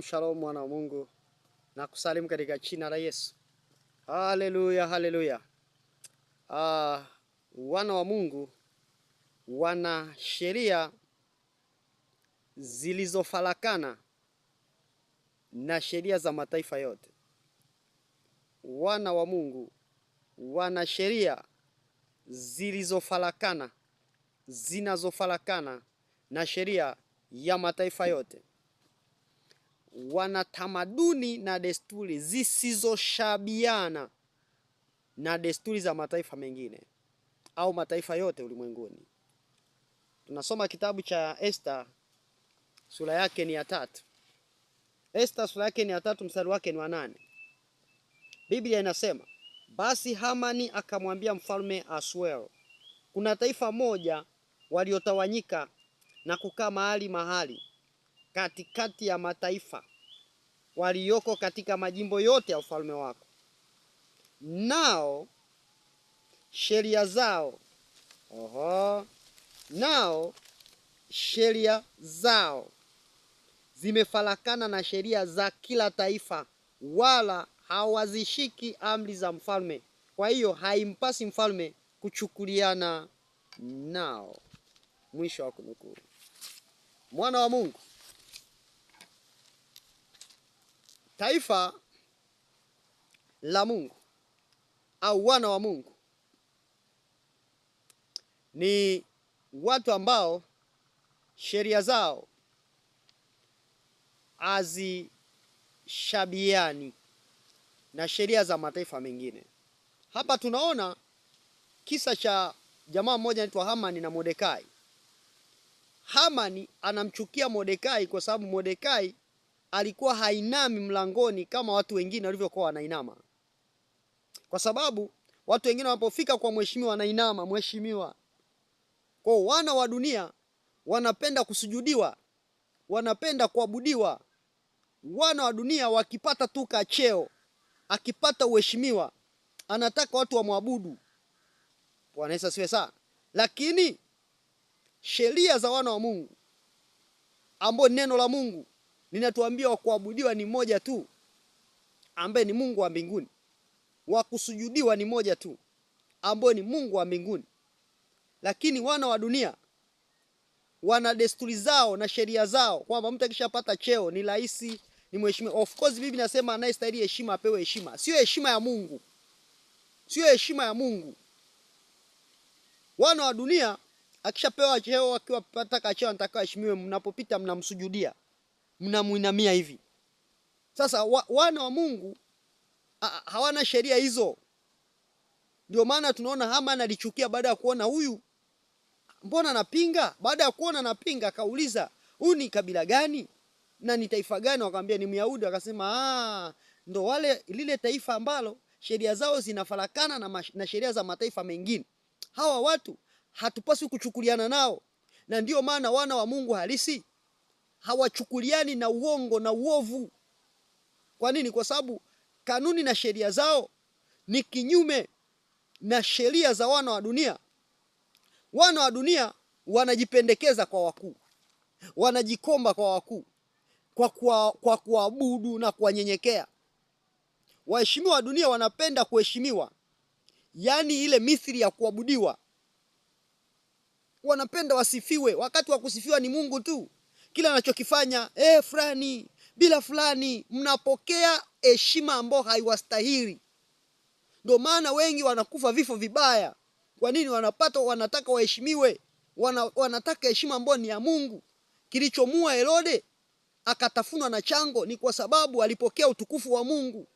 Shalom mwana wa Mungu, na kusalimu katika jina la Yesu. Haleluya, haleluya. Ah, wana wa Mungu wana sheria zilizofarakana na sheria za mataifa yote. Wana wa Mungu wana sheria zilizofarakana zinazofarakana na sheria ya mataifa yote wana tamaduni na desturi zisizoshabiana na desturi za mataifa mengine au mataifa yote ulimwenguni. Tunasoma kitabu cha Esta sura yake ni ya tatu. Esta sura yake ni ya tatu, mstari wake ni wa nane. Biblia inasema basi Hamani akamwambia mfalme Asuero, kuna taifa moja waliotawanyika na kukaa mahali mahali katikati ya mataifa walioko katika majimbo yote ya ufalme wako, nao sheria zao oho, nao sheria zao zimefarakana na sheria za kila taifa, wala hawazishiki amri za mfalme. Kwa hiyo haimpasi mfalme kuchukuliana nao. Mwisho wa kunukuu. Mwana wa Mungu Taifa la Mungu au wana wa Mungu ni watu ambao sheria zao hazishabiani na sheria za mataifa mengine. Hapa tunaona kisa cha jamaa mmoja anaitwa Hamani na Mordekai. Hamani anamchukia Mordekai kwa sababu Mordekai alikuwa hainami mlangoni kama watu wengine walivyokuwa wanainama, kwa sababu watu wengine wanapofika kwa mheshimiwa wanainama mheshimiwa. Kwa wana wa dunia wanapenda kusujudiwa, wanapenda kuabudiwa. Wana wa dunia wakipata tu kacheo, akipata uheshimiwa, anataka watu wamwabudu. Bwana Yesu asiwe sana. Lakini sheria za wana wa Mungu ambao neno la Mungu linatuambia wa kuabudiwa ni mmoja tu ambaye ni Mungu wa mbinguni, wa kusujudiwa ni moja tu ambaye ni Mungu wa mbinguni. Lakini wana wa dunia wana desturi zao na sheria zao, kwamba mtu akishapata cheo ni rahisi ni mheshimiwa. Of course bibi nasema anayestahili heshima apewe heshima, sio heshima ya Mungu, sio heshima ya Mungu. Wana wa dunia akishapewa cheo, akiwa anataka cheo, anataka heshimiwe mnapopita mnamsujudia mnamuinamia hivi. Sasa wa, wana wa Mungu a, hawana sheria hizo. Ndio maana tunaona Haman alichukia baada ya kuona huyu mbona anapinga. Baada ya kuona anapinga, akauliza huyu ni kabila gani na ni taifa gani? Wakamwambia ni Myahudi. Akasema ah, ndo wale lile taifa ambalo sheria zao zinafarakana na, na sheria za mataifa mengine. Hawa watu hatupaswi kuchukuliana nao, na ndio maana wana wa Mungu halisi hawachukuliani na uongo na uovu. Kwa nini? Kwa sababu kanuni na sheria zao ni kinyume na sheria za wana wa dunia. Wana wa dunia wanajipendekeza kwa wakuu, wanajikomba kwa wakuu kwa kwa, kwa na kuwanyenyekea. Waheshimiwa wa dunia wanapenda kuheshimiwa, yaani ile misri ya kuabudiwa. Wanapenda wasifiwe, wakati wa kusifiwa ni Mungu tu kila anachokifanya eh, fulani bila fulani, mnapokea heshima ambayo haiwastahili. Ndio maana wengi wanakufa vifo vibaya. Kwa nini? Wanapata, wanataka waheshimiwe, wana, wanataka heshima ambayo ni ya Mungu. Kilichomua Herode akatafunwa na chango ni kwa sababu alipokea utukufu wa Mungu.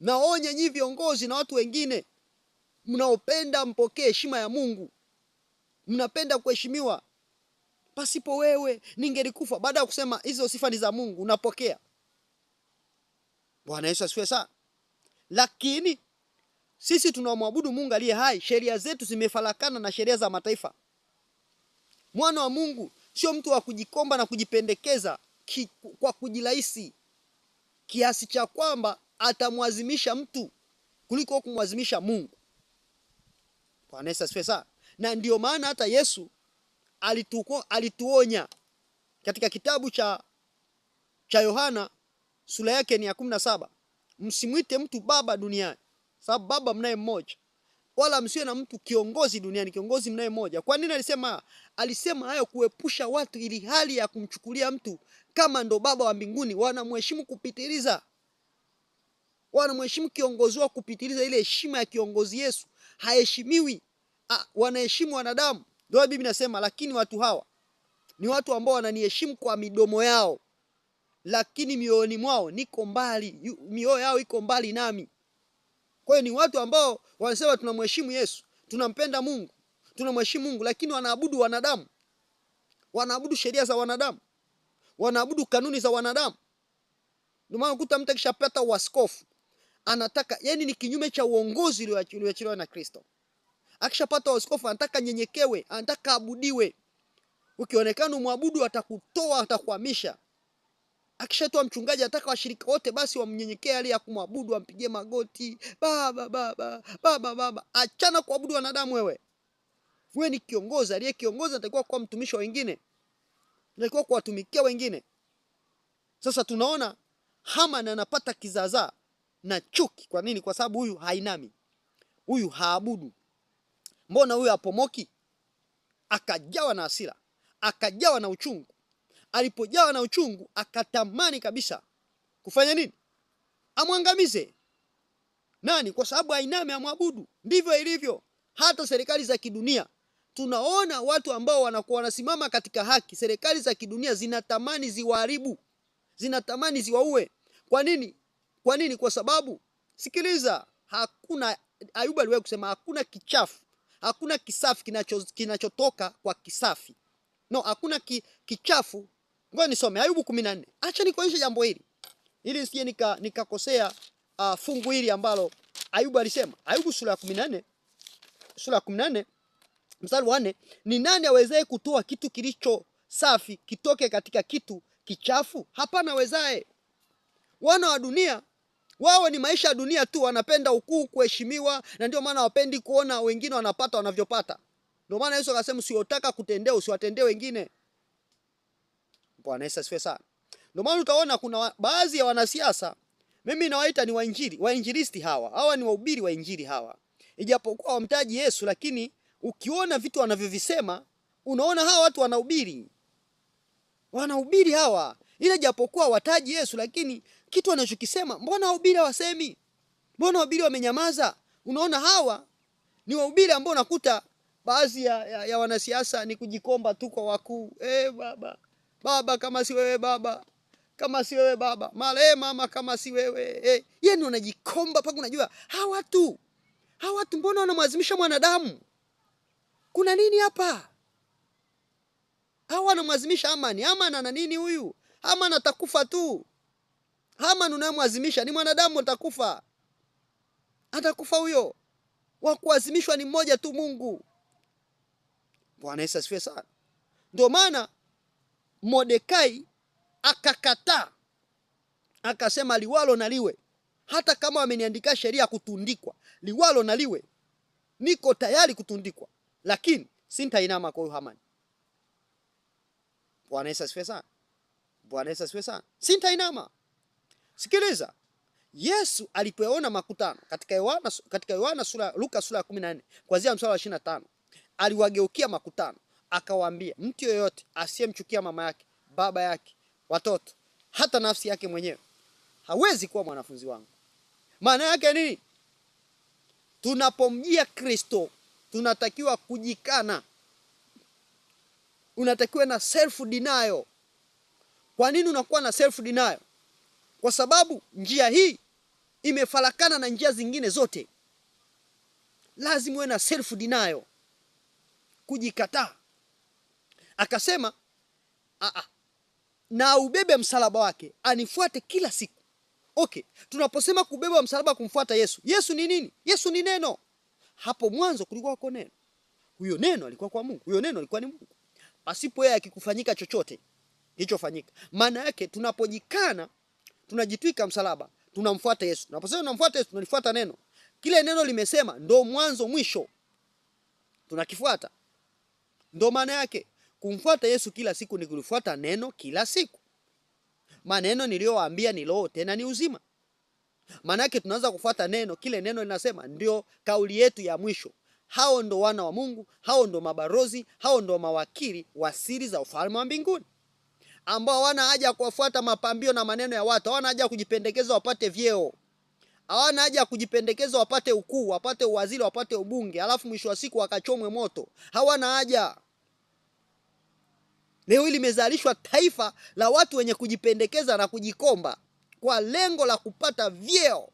Naonye nyi viongozi na watu wengine mnaopenda, mpokee heshima ya Mungu, mnapenda kuheshimiwa pasipo wewe ningelikufa. Baada ya kusema hizo sifa ni za Mungu, unapokea. Bwana Yesu asifiwe sana. Lakini sisi tunamwabudu Mungu aliye hai, sheria zetu zimefarakana na sheria za mataifa. Mwana wa Mungu sio mtu wa kujikomba na kujipendekeza ki, kwa kujirahisi kiasi cha kwamba atamwazimisha mtu kuliko kumwazimisha Mungu. Bwana Yesu asifiwe sana. Na ndiyo maana hata Yesu alituko, alituonya katika kitabu cha cha Yohana sura yake ni ya kumi na saba msimwite mtu baba duniani, sababu baba mnaye mmoja, wala msiwe na mtu kiongozi duniani, kiongozi mnaye mmoja. Kwa nini alisema? Alisema hayo kuepusha watu ili hali ya kumchukulia mtu kama ndo baba wa mbinguni, wanamheshimu kupitiliza, wanamheshimu kiongozi wa kupitiliza. Ile heshima ya kiongozi Yesu haheshimiwi, ah, wanaheshimu wanadamu. Ndio Biblia inasema, lakini watu hawa ni watu ambao wananiheshimu kwa midomo yao, lakini mioyoni mwao niko mbali, mioyo yao iko mbali nami. Kwa hiyo ni watu ambao wanasema tunamheshimu Yesu, tunampenda Mungu, tunamheshimu Mungu, lakini wanaabudu wanadamu, wanaabudu sheria za wanadamu, wanaabudu kanuni za wanadamu. Ndio maana ukuta mtu akishapata uaskofu anataka, yani ni kinyume cha uongozi ulioachiliwa na Kristo. Akishapata waskofu anataka nyenyekewe, anataka abudiwe. Ukionekana umwabudu atakutoa, atakuhamisha. Akishatoa mchungaji anataka washirika wote basi wamnyenyekee, hali ya kumwabudu wampigie magoti, baba baba baba baba. Achana kuabudu wanadamu wewe. Wewe ni kiongozi, aliye kiongozi anatakiwa kuwa mtumishi wa wengine, anatakiwa kuwatumikia wengine. Sasa tunaona Haman anapata kizaazaa na chuki. Kwa nini? Kwa sababu huyu hainami, huyu haabudu mbona huyo apomoki? Akajawa na hasira, akajawa na uchungu. Alipojawa na uchungu, akatamani kabisa kufanya nini? Amwangamize nani? Kwa sababu ainame amwabudu. Ndivyo ilivyo hata serikali za kidunia tunaona watu ambao wanakuwa wanasimama katika haki. Serikali za kidunia zinatamani ziwaharibu, zinatamani ziwaue. Kwa nini? Kwa nini? Kwa sababu, sikiliza, hakuna Ayubu aliwahi kusema hakuna kichafu Hakuna kisafi kinachotoka kinacho kwa kisafi. No, hakuna ki, kichafu. Ngoja nisome Ayubu 14. Acha nikuonyeshe jambo hili. Ili nisije nika uh, fungu hili ambalo Ayubu alisema. Ayubu sura ya 14 sura ya 14 mstari wa 4, ni nani awezaye kutoa kitu kilicho safi kitoke katika kitu kichafu? Hapana awezaye. Wana wa dunia wao ni maisha ya dunia tu, wanapenda ukuu, kuheshimiwa, na ndio maana wapendi kuona wengine wanapata wanavyopata. Ndio maana Yesu akasema usiotaka kutendea usiwatendee wengine. Bwana Yesu asifiwe sana. Ndio maana utaona kuna baadhi ya wanasiasa, mimi nawaita ni wainjili, wainjilisti hawa. Hawa ni wahubiri wa injili hawa, ijapokuwa wamtaji Yesu, lakini ukiona vitu wanavyovisema unaona hawa watu wanahubiri, wanahubiri hawa ile japokuwa wataji Yesu, lakini kitu anachokisema, mbona wahubiri wasemi? Mbona wahubiri wamenyamaza? Unaona, hawa ni wahubiri ambao nakuta baadhi ya, ya, ya wanasiasa ni kujikomba tu kwa wakuu. Eh, baba baba, kama si wewe baba, kama si wewe baba, male eh, mama, kama si wewe eh, yeye yaani ndio anajikomba paka. Unajua hawa watu hawa watu mbona wanamwazimisha mwanadamu? Kuna nini hapa? Hawa wanamwazimisha Amani. Amani ana nini huyu? Haman atakufa tu. Haman unayemwazimisha ni mwanadamu, atakufa, atakufa huyo. Wa kuazimishwa ni mmoja tu, Mungu. Bwana Yesu asifiwe sana. Ndio maana Mordekai akakataa, akasema liwalo na liwe, hata kama wameniandika sheria ya kutundikwa, liwalo na liwe, niko tayari kutundikwa, lakini sintainama kwa huyu Bwana Yesu asifiwe sana. Bwana Yesu asifiwe sana. Sintainama. Sikiliza. Yesu alipoona makutano katika Yohana katika Yohana sura Luka sura ya 14 kuanzia mstari wa 25, aliwageukia makutano akawaambia, mtu yoyote asiyemchukia mama yake, baba yake, watoto, hata nafsi yake mwenyewe hawezi kuwa mwanafunzi wangu. Maana yake nini? Tunapomjia Kristo tunatakiwa kujikana, unatakiwa na self denial kwa nini unakuwa na self denial? Kwa sababu njia hii imefarakana na njia zingine zote. Lazima uwe na self denial, kujikataa. Akasema aa, na ubebe msalaba wake anifuate kila siku. Okay, tunaposema kubeba msalaba kumfuata Yesu, Yesu ni nini? Yesu ni neno. Hapo mwanzo kulikuwa kwa neno, huyo neno alikuwa kwa Mungu, huyo neno alikuwa ni Mungu, pasipo yeye akikufanyika chochote kilichofanyika. Maana yake tunapojikana, tunajitwika msalaba, tunamfuata Yesu. Tunaposema tunamfuata Yesu, tunalifuata neno kile. Neno limesema ndo mwanzo mwisho, tunakifuata. Ndo maana yake kumfuata Yesu kila siku ni kulifuata neno kila siku. Maneno niliyowaambia ni roho, tena ni uzima. Maana yake tunaanza kufuata neno, kile neno linasema ndio kauli yetu ya mwisho. Hao ndo wana wa Mungu, hao ndo mabarozi, hao ndo mawakili wa siri za ufalme wa mbinguni ambao hawana haja ya kuwafuata mapambio na maneno ya watu, hawana haja ya kujipendekeza wapate vyeo, hawana haja ya kujipendekeza wapate ukuu, wapate uwaziri, wapate ubunge, alafu mwisho wa siku wakachomwe moto. Hawana haja. Leo hii limezalishwa taifa la watu wenye kujipendekeza na kujikomba kwa lengo la kupata vyeo.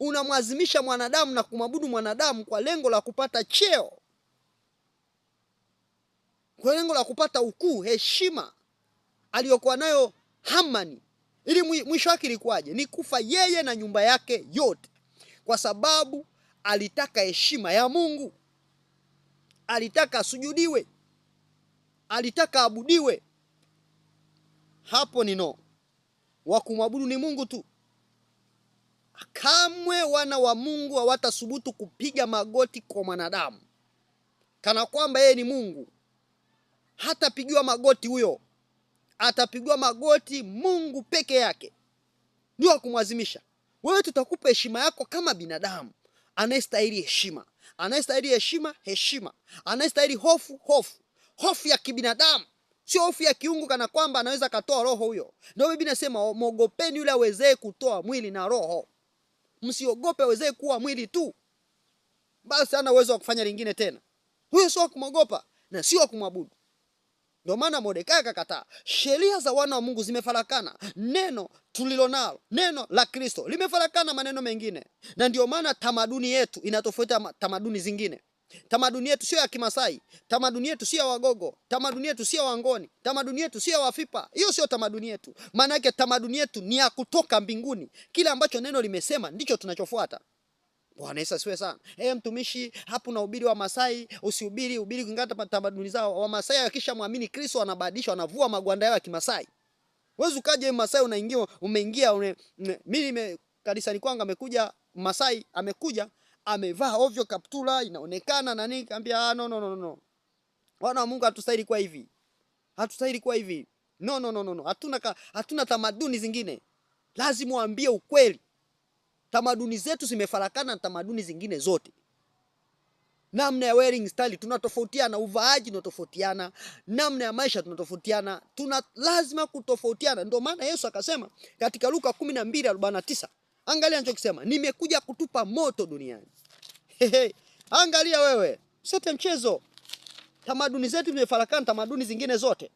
Unamwazimisha mwanadamu na kumwabudu mwanadamu kwa lengo la kupata cheo, kwa lengo la kupata ukuu, heshima aliyokuwa nayo Hamani, ili mwisho wake ilikuwaje? Ni kufa yeye na nyumba yake yote, kwa sababu alitaka heshima ya Mungu, alitaka asujudiwe, alitaka abudiwe. Hapo ni no, wa kumwabudu ni Mungu tu. Kamwe wana wa Mungu hawatasubutu kupiga magoti kwa mwanadamu, kana kwamba yeye ni Mungu. Hatapigiwa magoti huyo atapigwa magoti Mungu peke yake, ndio kumwazimisha wewe. Tutakupa heshima yako kama binadamu anayestahili heshima, anayestahili heshima, heshima, anayestahili hofu, hofu, hofu ya kibinadamu, sio hofu ya kiungu, kana kwamba anaweza katoa roho huyo. Ndio Biblia inasema mwogopeni yule awezee kutoa mwili na roho, msiogope awezee kuwa mwili tu, basi ana uwezo wa kufanya lingine tena. Huyo sio kumwogopa na sio kumwabudu. Ndio maana Mordekai akakataa. Sheria za wana wa Mungu zimefarakana, neno tulilonalo, neno la Kristo limefarakana maneno mengine, na ndio maana tamaduni yetu inatofautia tamaduni zingine. Tamaduni yetu sio ya Kimasai, tamaduni yetu sio ya Wagogo, tamaduni yetu sio ya Wangoni, tamaduni yetu sio ya Wafipa. Hiyo sio tamaduni yetu, maana yake tamaduni yetu ni ya kutoka mbinguni. Kile ambacho neno limesema ndicho tunachofuata. Bwana Yesu asiwe sana. Hey, ee mtumishi hapo unahubiri wa Masai, usihubiri hubiri kulingana tamaduni zao. Wa Masai muamini Kristo wanabadilishwa, wanavua magwanda yao ya Kimasai. Wewe ukaje Masai unaingia umeingia une, mimi nime kanisani kwangu amekuja Masai amekuja amevaa ovyo kaptula inaonekana na nini, kaambia ah, no no no no. Wana wa Mungu hatustahili kwa hivi. Hatustahili kwa hivi. No no no no. Hatuna ka, hatuna tamaduni zingine. Lazima waambie ukweli. Tamaduni zetu zimefarakana na tamaduni zingine zote. Namna ya wearing style tunatofautiana, uvaaji tunatofautiana, namna ya maisha tunatofautiana, tuna lazima kutofautiana. Ndio maana Yesu akasema katika Luka 12:49, angalia anachokisema, nimekuja kutupa moto duniani. Hehe, angalia wewe, sete mchezo. Tamaduni zetu zimefarakana, tamaduni zingine zote.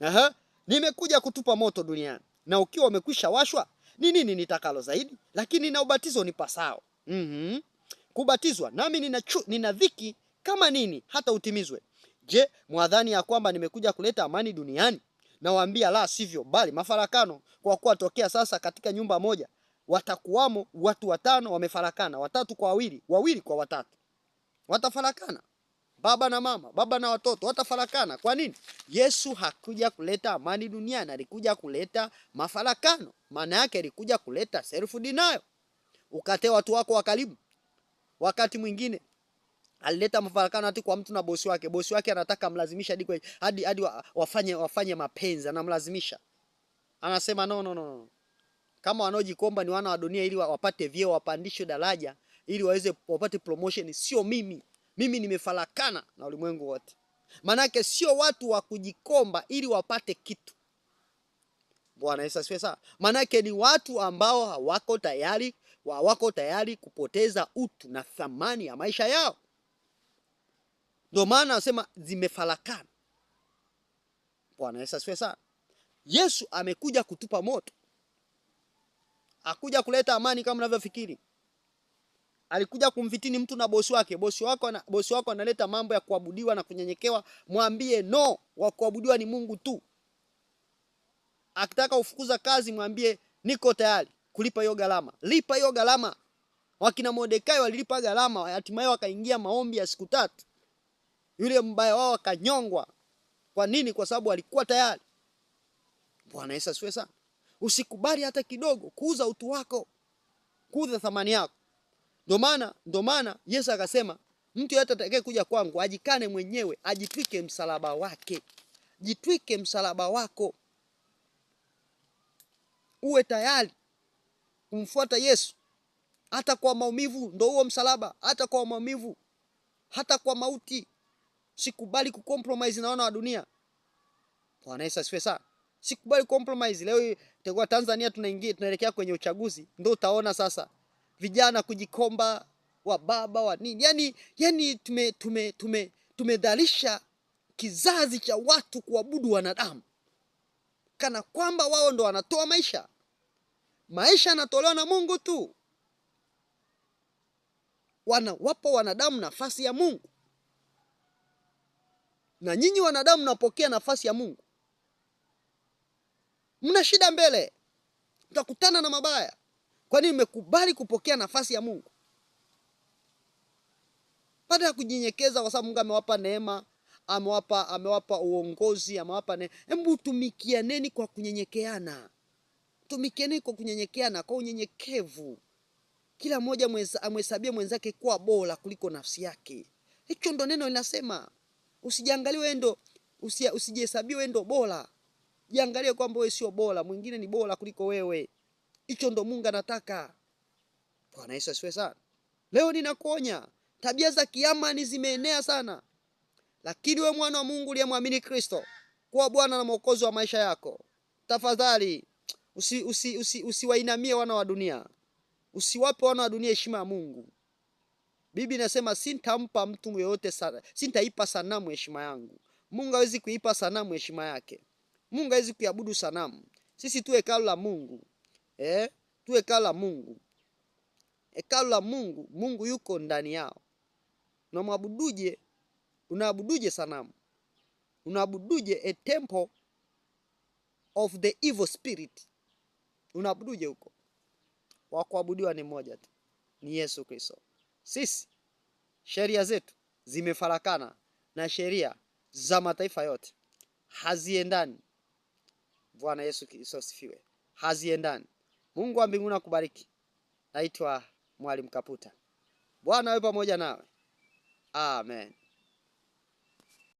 Aha, nimekuja kutupa moto duniani, na ukiwa umekwisha washwa ni nini nitakalo zaidi, lakini na ubatizo ni pasao mm -hmm. kubatizwa nami nina, chu, nina dhiki kama nini hata utimizwe. Je, mwadhani ya kwamba nimekuja kuleta amani duniani? Nawaambia la sivyo, bali mafarakano. Kwa kuwa tokea sasa katika nyumba moja watakuwamo watu watano wamefarakana, watatu kwa wawili, wawili kwa watatu, watafarakana baba na mama, baba na watoto watafarakana. Kwa nini? Yesu hakuja kuleta amani duniani, alikuja kuleta mafarakano. Maana yake alikuja kuleta self denial, ukate watu wako wa karibu. Wakati mwingine alileta mafarakano hata kwa mtu na bosi wake. Bosi wake anataka amlazimisha hadi hadi hadi wafanye wafanye mapenzi, anamlazimisha anasema no, no, no. Kama wanaojikomba ni wana wa dunia, ili wapate vyeo, wapandishwe daraja, ili waweze wapate promotion, sio mimi mimi nimefarakana na ulimwengu wote. Manake sio watu wa kujikomba ili wapate kitu. Bwana Yesu asifiwe sana. Manake ni watu ambao hawako tayari, hawako tayari kupoteza utu na thamani ya maisha yao. Ndio maana anasema zimefarakana. Bwana Yesu asifiwe sana. Yesu amekuja kutupa moto, akuja kuleta amani kama unavyofikiri alikuja kumvitini mtu na bosi wake. Bosi wako na bosi wako analeta mambo ya kuabudiwa na kunyenyekewa, mwambie no, wa kuabudiwa ni Mungu tu. Akitaka ufukuza kazi, mwambie niko tayari kulipa hiyo gharama, lipa hiyo gharama. Wakina Mordekai walilipa gharama, hatimaye wakaingia maombi ya siku tatu, yule mbaya wao akanyongwa. Kwa nini? Kwa sababu alikuwa tayari. Bwana Yesu asifiwe sana. Usikubali hata kidogo kuuza utu wako, kuuza thamani yako. Ndio maana ndio maana Yesu akasema mtu yeyote atakayekuja kwangu ajikane mwenyewe, ajitwike msalaba wake. Jitwike msalaba wako, uwe tayari kumfuata Yesu hata kwa maumivu. Ndio huo msalaba, hata kwa maumivu, hata kwa mauti. Sikubali kucompromise na wana wa dunia. Bwana Yesu asifiwe sana. Sikubali compromise. Leo itakuwa Tanzania tunaingia, tunaelekea kwenye uchaguzi, ndio utaona sasa vijana kujikomba, wa baba wa nini, yani yani tume tume tume tumedhalisha kizazi cha watu kuabudu wanadamu kana kwamba wao ndo wanatoa maisha. Maisha yanatolewa na Mungu tu, wanawapa wanadamu nafasi ya Mungu, na nyinyi wanadamu napokea nafasi ya Mungu. Mna shida mbele, mtakutana na mabaya. Kwani umekubali kupokea nafasi ya Mungu? Baada ya kujinyekeza, kwa sababu Mungu amewapa neema, amewapa amewapa uongozi, amewapa neema. Hebu tumikianeni kwa kunyenyekeana, tumikianeni kwa kunyenyekeana, kwa unyenyekevu. Kila mmoja amhesabie mwenzake kuwa bora kuliko nafsi yake. Hicho ndo neno linasema, usijiangalie wewe ndo, usijihesabie wewe ndo bora. Jiangalie kwamba wewe sio bora, mwingine ni bora kuliko wewe. Hicho ndo Mungu anataka. Bwana Yesu asifiwe sana. Leo ninakuonya, tabia za kiama ni zimeenea sana, lakini we mwana wa Mungu uliyemwamini Kristo kuwa Bwana na Mwokozi wa maisha yako, tafadhali usi, usi, usi, usiwainamie wana wa dunia, usiwape wana wa dunia heshima ya Mungu. Biblia inasema sintampa mtu yeyote sana, sintaipa sanamu heshima yangu. Mungu hawezi kuipa sanamu heshima yake. Mungu hawezi kuiabudu sanamu. Sisi tu hekalu la Mungu eh, tu hekalu la Mungu, hekalu la Mungu. Mungu yuko ndani yao. Unamwabuduje? Unaabuduje sanamu? Unaabuduje a temple of the evil spirit? Unaabuduje huko? Wa kuabudiwa ni mmoja tu, ni Yesu Kristo. Sisi sheria zetu zimefarakana na sheria za mataifa yote, haziendani. Bwana Yesu Kristo sifiwe, haziendani. Mungu wa mbinguni akubariki. Naitwa Mwalimu Kaputa. Bwana awe pamoja nawe. Amen.